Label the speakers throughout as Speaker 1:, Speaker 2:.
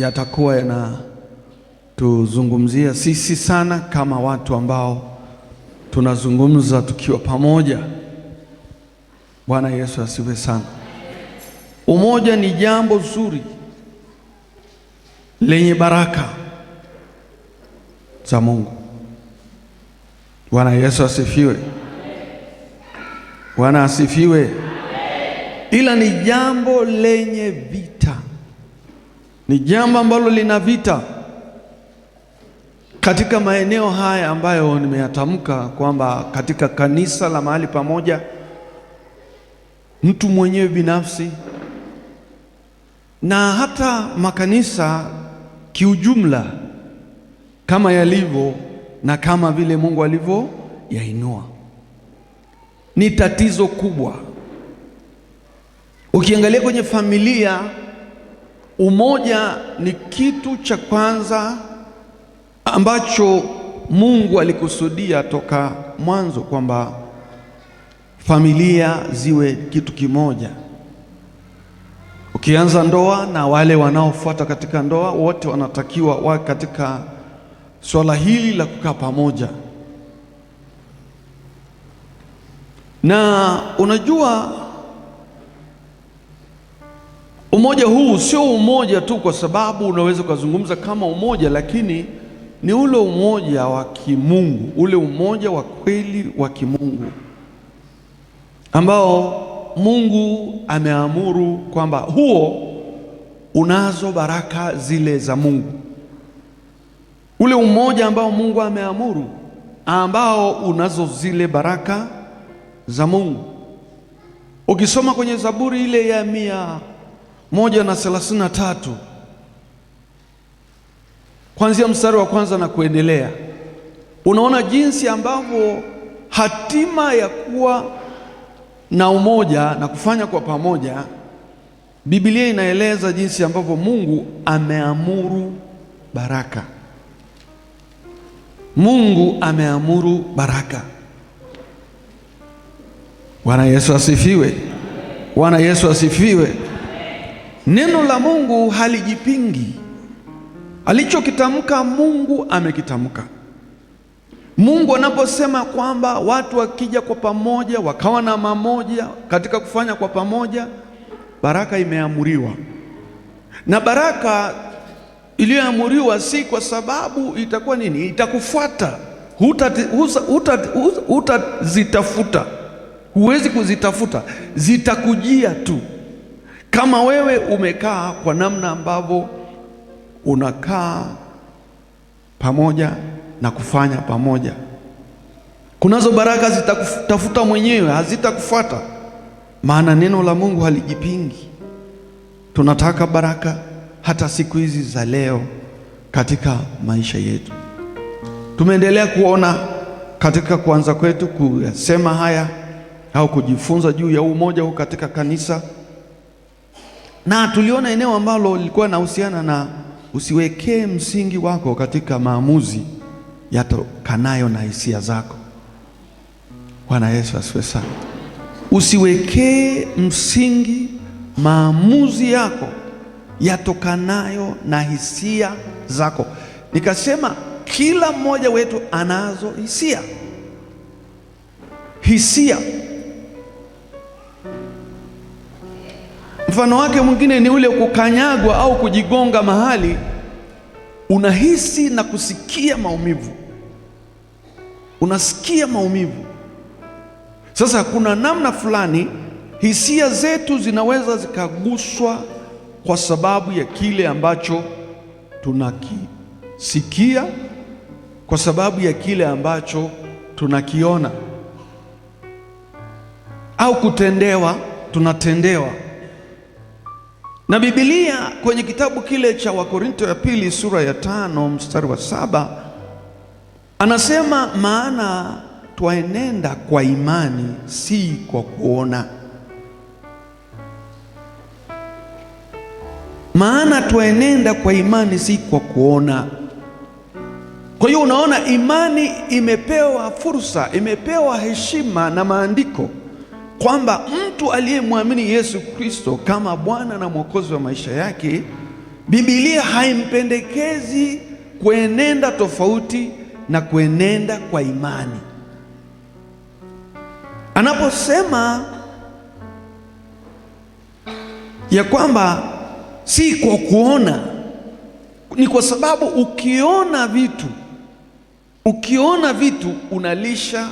Speaker 1: yatakuwa yanatuzungumzia sisi sana kama watu ambao tunazungumza tukiwa pamoja. Bwana Yesu asifiwe sana. Umoja ni jambo zuri lenye baraka za Mungu. Bwana Yesu asifiwe. Bwana asifiwe. Ila ni jambo lenye vita. Ni jambo ambalo lina vita katika maeneo haya ambayo nimeyatamka kwamba katika kanisa la mahali pamoja, mtu mwenyewe binafsi na hata makanisa kiujumla, kama yalivyo na kama vile Mungu alivyoyainua, ni tatizo kubwa. Ukiangalia kwenye familia Umoja ni kitu cha kwanza ambacho Mungu alikusudia toka mwanzo kwamba familia ziwe kitu kimoja. Ukianza ndoa na wale wanaofuata katika ndoa, wote wanatakiwa wa katika swala hili la kukaa pamoja. Na unajua Umoja huu sio umoja tu kwa sababu unaweza ukazungumza kama umoja, lakini ni ule umoja wa kimungu, ule umoja wa kweli wa kimungu ambao Mungu ameamuru kwamba huo unazo baraka zile za Mungu, ule umoja ambao Mungu ameamuru, ambao unazo zile baraka za Mungu. Ukisoma kwenye Zaburi ile ya mia moja na thelathini na tatu kuanzia mstari wa kwanza na kuendelea, unaona jinsi ambavyo hatima ya kuwa na umoja na kufanya kwa pamoja, Biblia inaeleza jinsi ambavyo Mungu ameamuru baraka. Mungu ameamuru baraka. Bwana Yesu asifiwe! Bwana Yesu asifiwe! Neno la Mungu halijipingi. Alichokitamka Mungu amekitamka. Mungu anaposema kwamba watu wakija kwa pamoja wakawa na mamoja katika kufanya kwa pamoja, baraka imeamuriwa. Na baraka iliyoamuriwa si kwa sababu itakuwa nini, itakufuata hutazitafuta, huwezi kuzitafuta, zitakujia tu. Kama wewe umekaa kwa namna ambavyo unakaa pamoja na kufanya pamoja, kunazo baraka zitakutafuta mwenyewe, hazitakufuata. Maana neno la Mungu halijipingi. Tunataka baraka hata siku hizi za leo katika maisha yetu. Tumeendelea kuona katika kuanza kwetu kuyasema haya au kujifunza juu ya umoja huu katika kanisa na tuliona eneo ambalo lilikuwa nahusiana na usiwekee msingi wako katika maamuzi yatokanayo na hisia zako. Bwana Yesu asifiwe sana. Usiwekee msingi maamuzi yako yatokanayo na hisia zako. Nikasema kila mmoja wetu anazo hisia, hisia Mfano wake mwingine ni ule kukanyagwa au kujigonga mahali, unahisi na kusikia maumivu, unasikia maumivu. Sasa kuna namna fulani hisia zetu zinaweza zikaguswa kwa sababu ya kile ambacho tunakisikia, kwa sababu ya kile ambacho tunakiona au kutendewa, tunatendewa na Biblia kwenye kitabu kile cha Wakorinto ya pili sura ya tano mstari wa saba anasema maana twaenenda kwa imani, si kwa kuona. Maana twaenenda kwa imani, si kwa kuona. Kwa hiyo unaona, imani imepewa fursa, imepewa heshima na maandiko kwamba mtu aliyemwamini Yesu Kristo kama Bwana na Mwokozi wa maisha yake, Biblia haimpendekezi kuenenda tofauti na kuenenda kwa imani. Anaposema ya kwamba si kwa kuona, ni kwa sababu ukiona vitu, ukiona vitu unalisha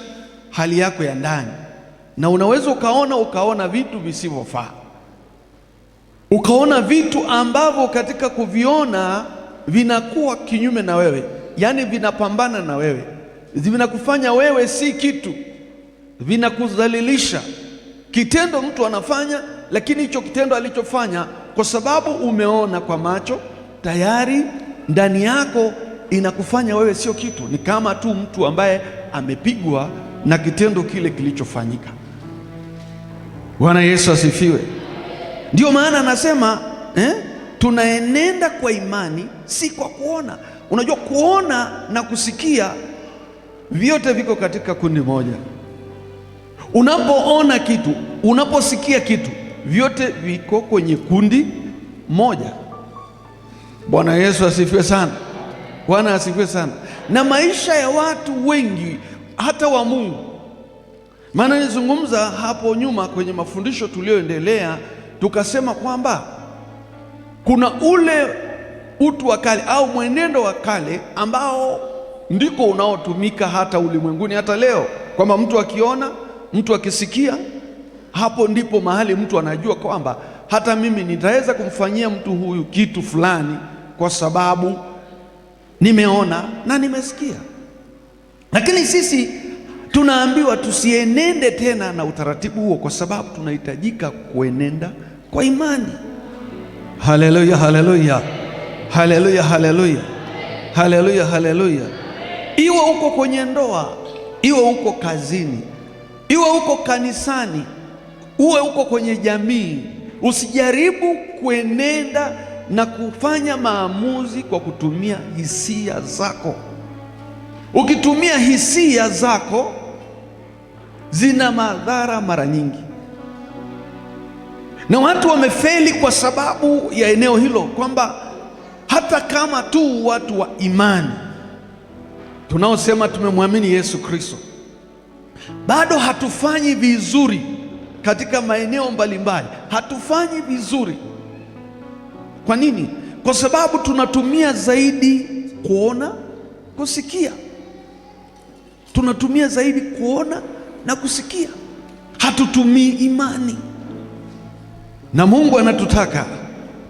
Speaker 1: hali yako ya ndani na unaweza ukaona ukaona vitu visivyofaa, ukaona vitu ambavyo katika kuviona vinakuwa kinyume na wewe, yaani vinapambana na wewe, vinakufanya wewe si kitu, vinakudhalilisha. Kitendo mtu anafanya, lakini hicho kitendo alichofanya, kwa sababu umeona kwa macho tayari, ndani yako inakufanya wewe sio kitu. Ni kama tu mtu ambaye amepigwa na kitendo kile kilichofanyika. Bwana Yesu asifiwe. ndio maana anasema eh, tunaenenda kwa imani, si kwa kuona. Unajua, kuona na kusikia vyote viko katika kundi moja. Unapoona kitu, unaposikia kitu, vyote viko kwenye kundi moja. Bwana Yesu asifiwe sana. Bwana asifiwe sana. Na maisha ya watu wengi hata wa Mungu maana nilizungumza hapo nyuma kwenye mafundisho tuliyoendelea, tukasema kwamba kuna ule utu wa kale au mwenendo wa kale ambao ndiko unaotumika hata ulimwenguni hata leo, kwamba mtu akiona, mtu akisikia, hapo ndipo mahali mtu anajua kwamba hata mimi nitaweza kumfanyia mtu huyu kitu fulani, kwa sababu nimeona na nimesikia. Lakini sisi tunaambiwa tusienende tena na utaratibu huo, kwa sababu tunahitajika kuenenda kwa imani. Haleluya, haleluya, haleluya, haleluya, haleluya, haleluya! Iwe uko kwenye ndoa, iwe uko kazini, iwe uko kanisani, uwe uko kwenye jamii, usijaribu kuenenda na kufanya maamuzi kwa kutumia hisia zako. Ukitumia hisia zako zina madhara mara nyingi, na watu wamefeli kwa sababu ya eneo hilo, kwamba hata kama tu watu wa imani tunaosema tumemwamini Yesu Kristo bado hatufanyi vizuri katika maeneo mbalimbali, hatufanyi vizuri. Kwa nini? Kwa sababu tunatumia zaidi kuona kusikia, tunatumia zaidi kuona na kusikia. Hatutumii imani, na Mungu anatutaka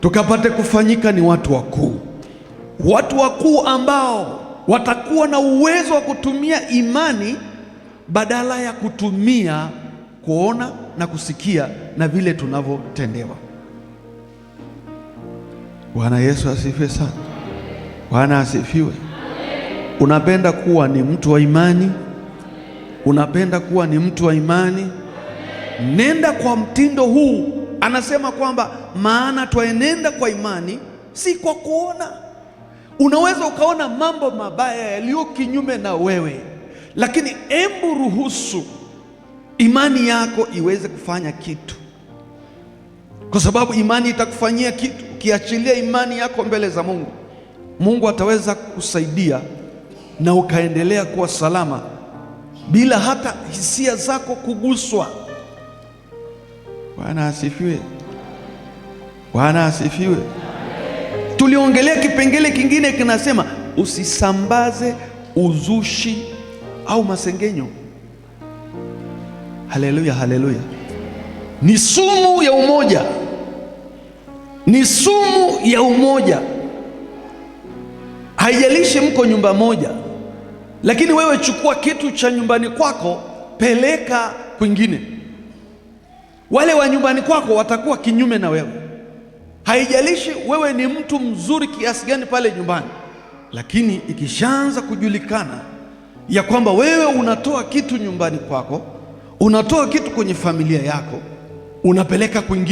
Speaker 1: tukapate kufanyika ni watu wakuu, watu wakuu ambao watakuwa na uwezo wa kutumia imani badala ya kutumia kuona na kusikia na vile tunavyotendewa. Bwana Yesu asifiwe sana. Bwana asifiwe. Unapenda kuwa ni mtu wa imani? Unapenda kuwa ni mtu wa imani? Nenda kwa mtindo huu. Anasema kwamba maana twaenenda kwa imani, si kwa kuona. Unaweza ukaona mambo mabaya yaliyo kinyume na wewe, lakini embu ruhusu imani yako iweze kufanya kitu, kwa sababu imani itakufanyia kitu. Ukiachilia imani yako mbele za Mungu, Mungu ataweza kukusaidia na ukaendelea kuwa salama bila hata hisia zako kuguswa. Bwana asifiwe, Bwana asifiwe. Tuliongelea kipengele kingine kinasema, usisambaze uzushi au masengenyo. Haleluya, haleluya! Ni sumu ya umoja, ni sumu ya umoja. Haijalishi mko nyumba moja lakini wewe chukua kitu cha nyumbani kwako, peleka kwingine. Wale wa nyumbani kwako watakuwa kinyume na wewe. Haijalishi wewe ni mtu mzuri kiasi gani pale nyumbani, lakini ikishaanza kujulikana ya kwamba wewe unatoa kitu nyumbani kwako, unatoa kitu kwenye familia yako, unapeleka kwingine